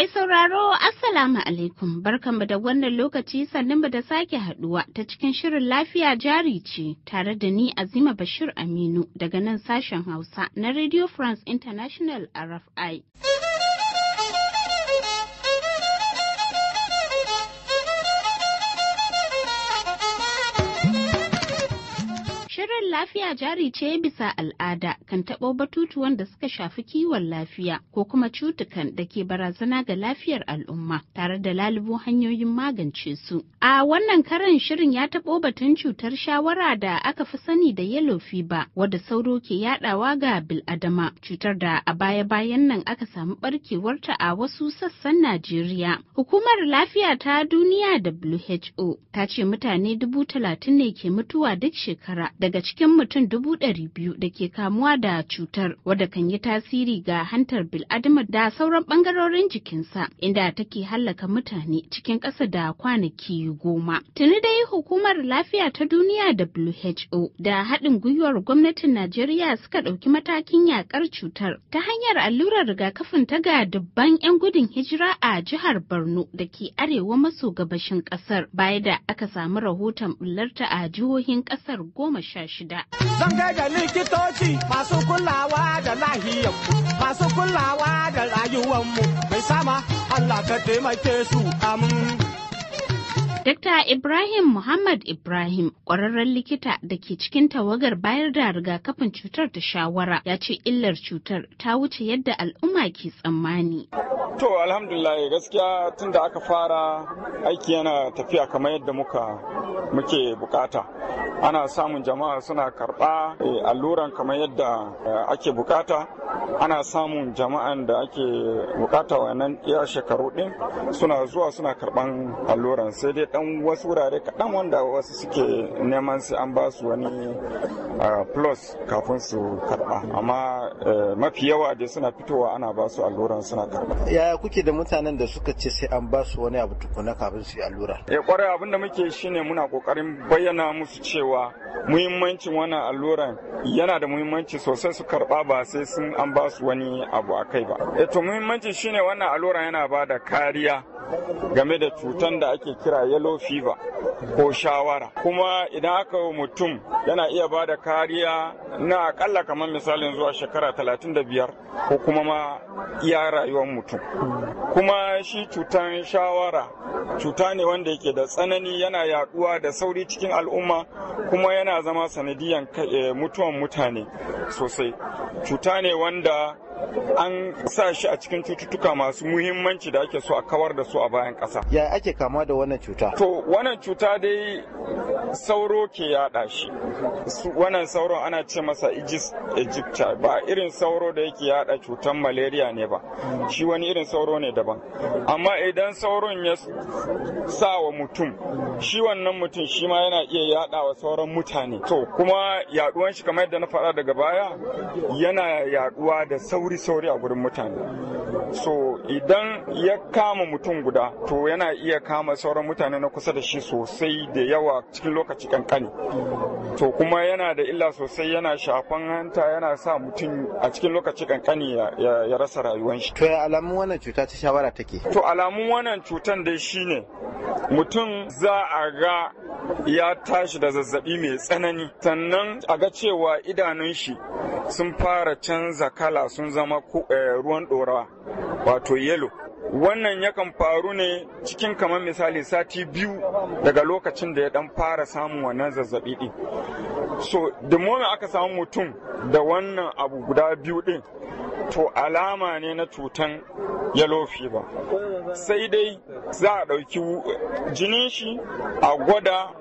Mai sauraro Assalamu alaikum barkanmu da wannan lokaci sannan da sake haduwa ta cikin shirin lafiya jari ce tare da ni Azima Bashir Aminu daga nan sashen Hausa na Radio France International RFI. lafiya jari ce bisa al'ada kan taɓo batutuwan da suka shafi kiwon lafiya ko kuma cutukan da ke barazana ga lafiyar al'umma tare da lalubo hanyoyin magance su. A wannan karan shirin ya taɓo batun cutar shawara da aka fi sani da yellow fever wadda sauro ke yaɗawa ga bil'adama cutar da a baya-bayan nan aka samu barkewarta a wasu sassan Najeriya. Hukumar lafiya ta duniya WHO ta ce mutane dubu talatin ne ke mutuwa duk shekara daga cikin adadin mutum dubu ɗari biyu da ke kamuwa da cutar wadda kan yi tasiri ga hantar bil'adama da sauran ɓangarorin jikinsa inda take hallaka mutane cikin ƙasa da kwanaki goma. Tuni dai hukumar lafiya ta duniya WHO da haɗin gwiwar gwamnatin Najeriya suka ɗauki matakin yaƙar cutar ta hanyar allurar rigakafin ta ga dubban 'yan gudun hijira a jihar Borno da ke arewa maso gabashin ƙasar baya da aka samu rahoton bullarta a jihohin ƙasar goma sha shida. Abuja. Zan gaida likitoci masu kulawa da lahiyar masu kulawa da rayuwanmu mai sama Allah ka taimake su amin. Dr Ibrahim Muhammad Ibrahim, ƙwararren likita da ke cikin tawagar bayar da rigakafin cutar ta shawara, ya ce illar cutar ta wuce yadda al'umma ke tsammani. To, alhamdulillah gaskiya tunda aka fara aiki yana tafiya kamar yadda muka muke bukata. ana samun jama'a suna karɓa eh, alluran kamar yadda eh, ake bukata ana samun jama'an da ake bukata wannan iya shekaru din suna zuwa suna karban alluran sai dai dan wasu wurare kaɗan wanda wasu suke neman sai an ba su wani plus kafin su karba amma e, mafi yawa da suna fitowa ana ba su alluran suna karba yaya kuke da mutanen da suka ce sai an ba su wani abu tukuna kafin su yi allura ya e, kwarai abin da muke shine muna kokarin bayyana musu cewa muhimmancin wannan alluran yana da muhimmanci sosai su karba ba sai sun an an ba su wani abu a kai ba. E to muhimmanci shine wannan allura yana ba da kariya game da cutan da ake kira yellow fever ko shawara kuma idan aka mutum yana iya ba da kariya na akalla kamar misalin zuwa shekara 35 ko kuma ma iya rayuwar mutum kuma shi cutan shawara cuta ne wanda yake da tsanani yana yaduwa da sauri cikin al'umma kuma yana zama sanadiyan eh, mutuwan mutane sosai cuta ne wanda an sa shi a cikin cututtuka masu muhimmanci da ake so a kawar da su a bayan kasa. Ya ake kama da wannan cuta? To wannan cuta dai sauro ke yaɗa shi. Wannan sauro ana ce masa Aegis aegypti ba irin sauro da yake yaɗa cutar malaria ne ba. Shi wani irin sauro ne daban. Amma idan sauron ya sa wa mutum, shi wannan mutum shi ma yana iya yaɗa wa sauran mutane. To kuma yaɗuwan shi kamar yadda na faɗa daga baya yana yaɗuwa da sauri wuri sauri a gurin mutane so idan ya kama mutum guda to yana iya kama sauran mutane na kusa da shi sosai da yawa cikin lokaci kankani to kuma yana da illa sosai yana shafan hanta yana sa mutum a cikin lokaci kankani ya rasa rayuwar shi to alamun wannan cuta ta shawara take to alamun wannan cutan dai shine mutum za a ga ya tashi da zazzabi mai tsanani sannan a ga cewa idanun shi sun fara canza kala sun zama eh, ruwan ɗorawa wato yelo wannan yakan faru ne cikin kamar misali sati biyu daga lokacin da ya dan fara samun wannan zazzabi din so da aka samu mutum da wannan abu guda biyu din to alama ne na cutan yellow fever sai dai za a ɗauki jinin shi a gwada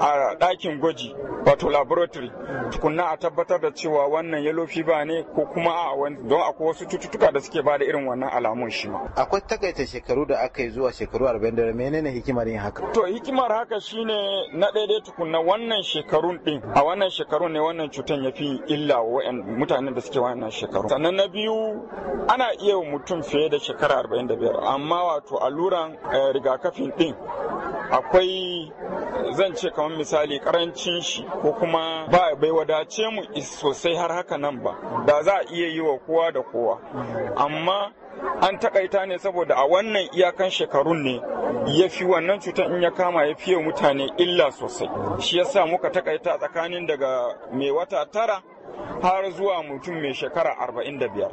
a ɗakin gwaji wato laboratory tukunna a tabbatar da cewa wannan yellow fever ne ko kuma a don akwai wasu cututtuka da suke bada irin wannan alamun shi ma akwai takaita shekaru da aka yi zuwa shekaru 40 da menene hikimar yin haka to hikimar haka shine na daidai tukunna wannan shekarun din a wannan shekarun ne wannan cutan yafi illa wa mutanen da suke wannan shekaru sannan na biyu ana iya mutum fiye da shekara 45 amma wato alluran eh, rigakafin din akwai zan ce kamar misali karancin shi ko kuma ba bai wadace mu sosai har haka nan ba ba za a iya yi wa kowa da kowa amma an takaita ne saboda a wannan iyakan shekarun ne ya fi wannan cutar in ya kama ya fiye mutane illa sosai shi yasa muka takaita tsakanin daga mai wata tara har zuwa mutum mai shekara arba'in da biyar.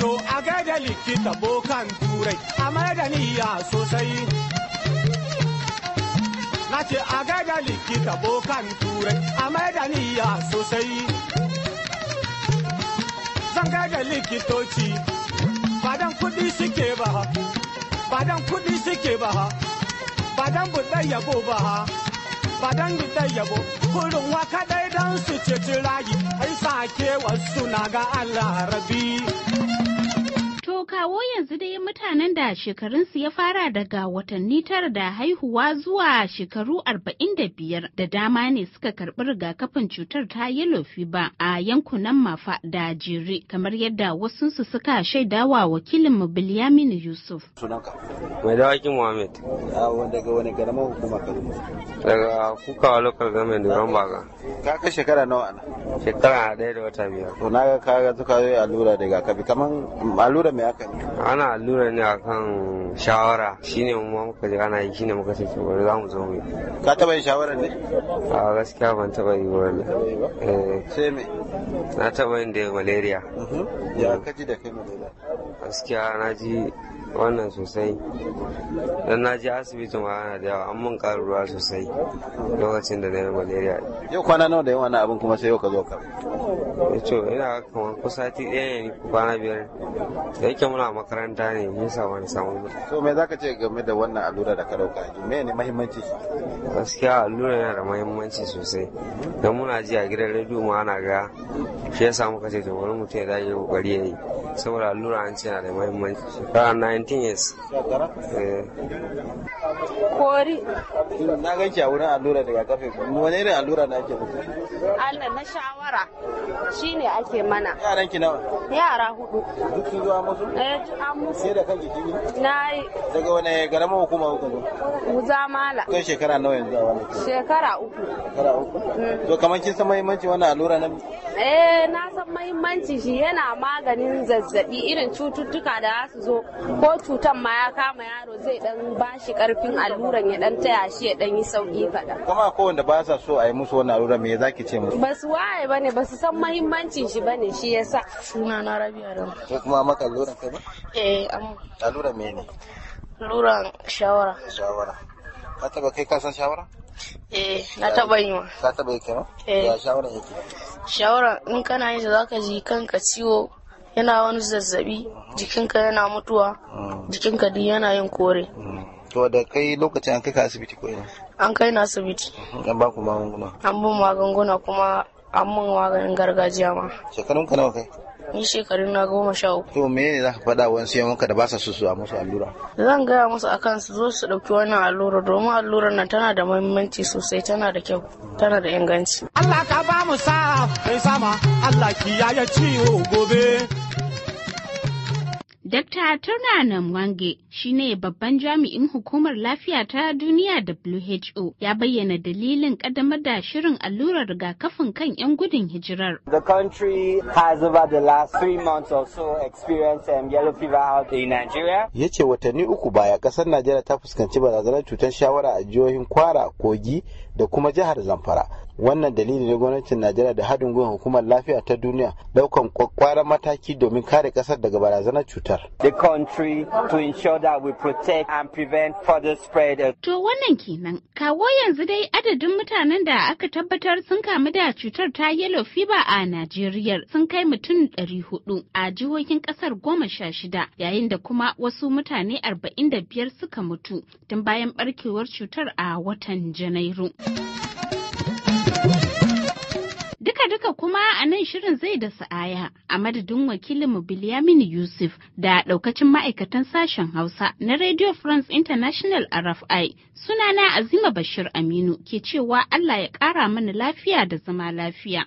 to a likita bokan turai a madaniya sosai na ce a gaida likita bokan turai a maida niyya sosai zan gaida likitoci badan kudi suke ba badan kudi suke ba badan budar yabo ba badan budar yabo kurin waka dai dan su ce rayi ai sake wasu na ga Allah rabi kawo yanzu dai mutanen da shekarunsu ya fara daga watanni tara da haihuwa zuwa shekaru arba'in da biyar da dama ne suka karɓi rigakafin cutar ta yellow fever a yankunan mafa da jere kamar yadda wasu su suka shaidawa mu Bilyamin Yusuf. Mai dawaki Muhammad. Daga wani garama hukuma Kaduna. Daga kukawa local government Rambaga. Ka ka shekara nawa ana? Shekara ɗaya da wata biyar. To na ga ka ga suka yi allura daga kafi kamar allura mai haka ne ana allura ne akan shawara shine mu ma muka ji ana yi shine muka ce to za mu zo mu ka taba yin shawara ne a gaskiya ban taba yi ba eh. sai me na taba yin da malaria mhm. ya kaji da kai malaria gaskiya na ji wannan sosai don na je asibitin wahala da yawa an mun ƙara ruwa sosai lokacin da na yi malaria yau kwana nawa da yawa na abin kuma sai yau ka zo ka eh to ina kamar ti ɗaya ne kwana biyar da yake muna makaranta ne mun samu wani samu to me zaka ce game da wannan allura da ka dauka me ne muhimmanci gaskiya allura yana da muhimmanci sosai don muna ji a gidan rediyo mu ana ga shi yasa muka ce to wani mutum ya dage kokari ya yi saboda allura an ce na da muhimmanci shekara 19 years kori na ganki a wurin allura daga kafe wani irin allura na ake mutu Allah na shawara shine ake mana yaran ki nawa yara hudu duk sun zuwa musu eh an musu sai da kanki kin na yi daga wani garama hukuma kuka zo muzamala kai shekara nawa yanzu a wannan shekara uku shekara uku mm. to kamar kin san muhimmanci wannan allura na eh na san muhimmanci shi yana maganin zazzabi irin cututtuka da za su zo ko cutan ma ya kama yaro zai dan bashi karfi kafin alluran ya dan taya shi ya dan yi sauki kaɗan. Kuma ko wanda ba sa so a yi musu wannan allura me zaki ce musu? Ba su waye bane basu ba su san mahimmancin shi bane shi yasa. Suna na rabi Adamu. Ko kuma maka alluran kai ba? Eh amma. Alluran me ne? Alluran shawara. Shawara. Ka taba kai ka san shawara? Eh, na taba yi ma. Ka taba yi kenan? Eh. Ya shawara yake? Shawara in kana yin za ka ji kanka ciwo yana wani zazzabi, jikinka yana mutuwa, mm. jikinka duk yana yin kore. Mm. to da kai lokacin an kai ka asibiti ko ina an kai na asibiti mhm. an ba ku magunguna an bin magunguna kuma an mun maganin gargajiya ma shekarun ka nawa kai ni shekarun na goma sha uku to me ne za ka faɗa wani yan wanka da ba sa su su a musu allura zan gaya musu a kan su zo su ɗauki wannan allura domin allurar nan tana da muhimmanci sosai tana da kyau tana da inganci Allah ka ba mu sa kai sama Allah kiyaye ciwo gobe Dr. Turna Namwange shi ne babban jami'in hukumar lafiya ta duniya WHO ya bayyana dalilin ƙaddamar da shirin allurar rigakafin kan 'yan gudun hijirar. The country has over the last three months or so experienced um, yellow Ya ce watanni uku baya ƙasar Najeriya ta fuskanci barazanar cutar shawara a jihohin Kwara, Kogi da kuma jihar Zamfara. wannan dalili ne gwamnatin najeriya da haɗin gwiwar hukumar lafiya ta duniya daukan kwakwaran mataki domin kare ƙasar daga barazanar cutar the country to ensure that we protect and prevent further spread to wannan kenan kawo yanzu dai adadin mutanen da aka tabbatar sun kamu da cutar ta yellow fever a najeriya sun kai mutum ɗari hudu a jihohin ƙasar goma sha shida yayin da kuma wasu mutane arba'in da biyar suka mutu tun bayan barkewar cutar a watan janairu. duka kuma a nan shirin zai da sa'aya a madadin wakilinmu Bilyamin Yusuf da daukacin ma'aikatan sashen Hausa na Radio France International RFI. Sunana Azima Bashir Aminu ke cewa Allah ya ƙara mana lafiya da zama lafiya.